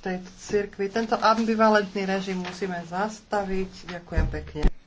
tejto cirkvi. Tento ambivalentný režim musíme zastaviť. Ďakujem pekne.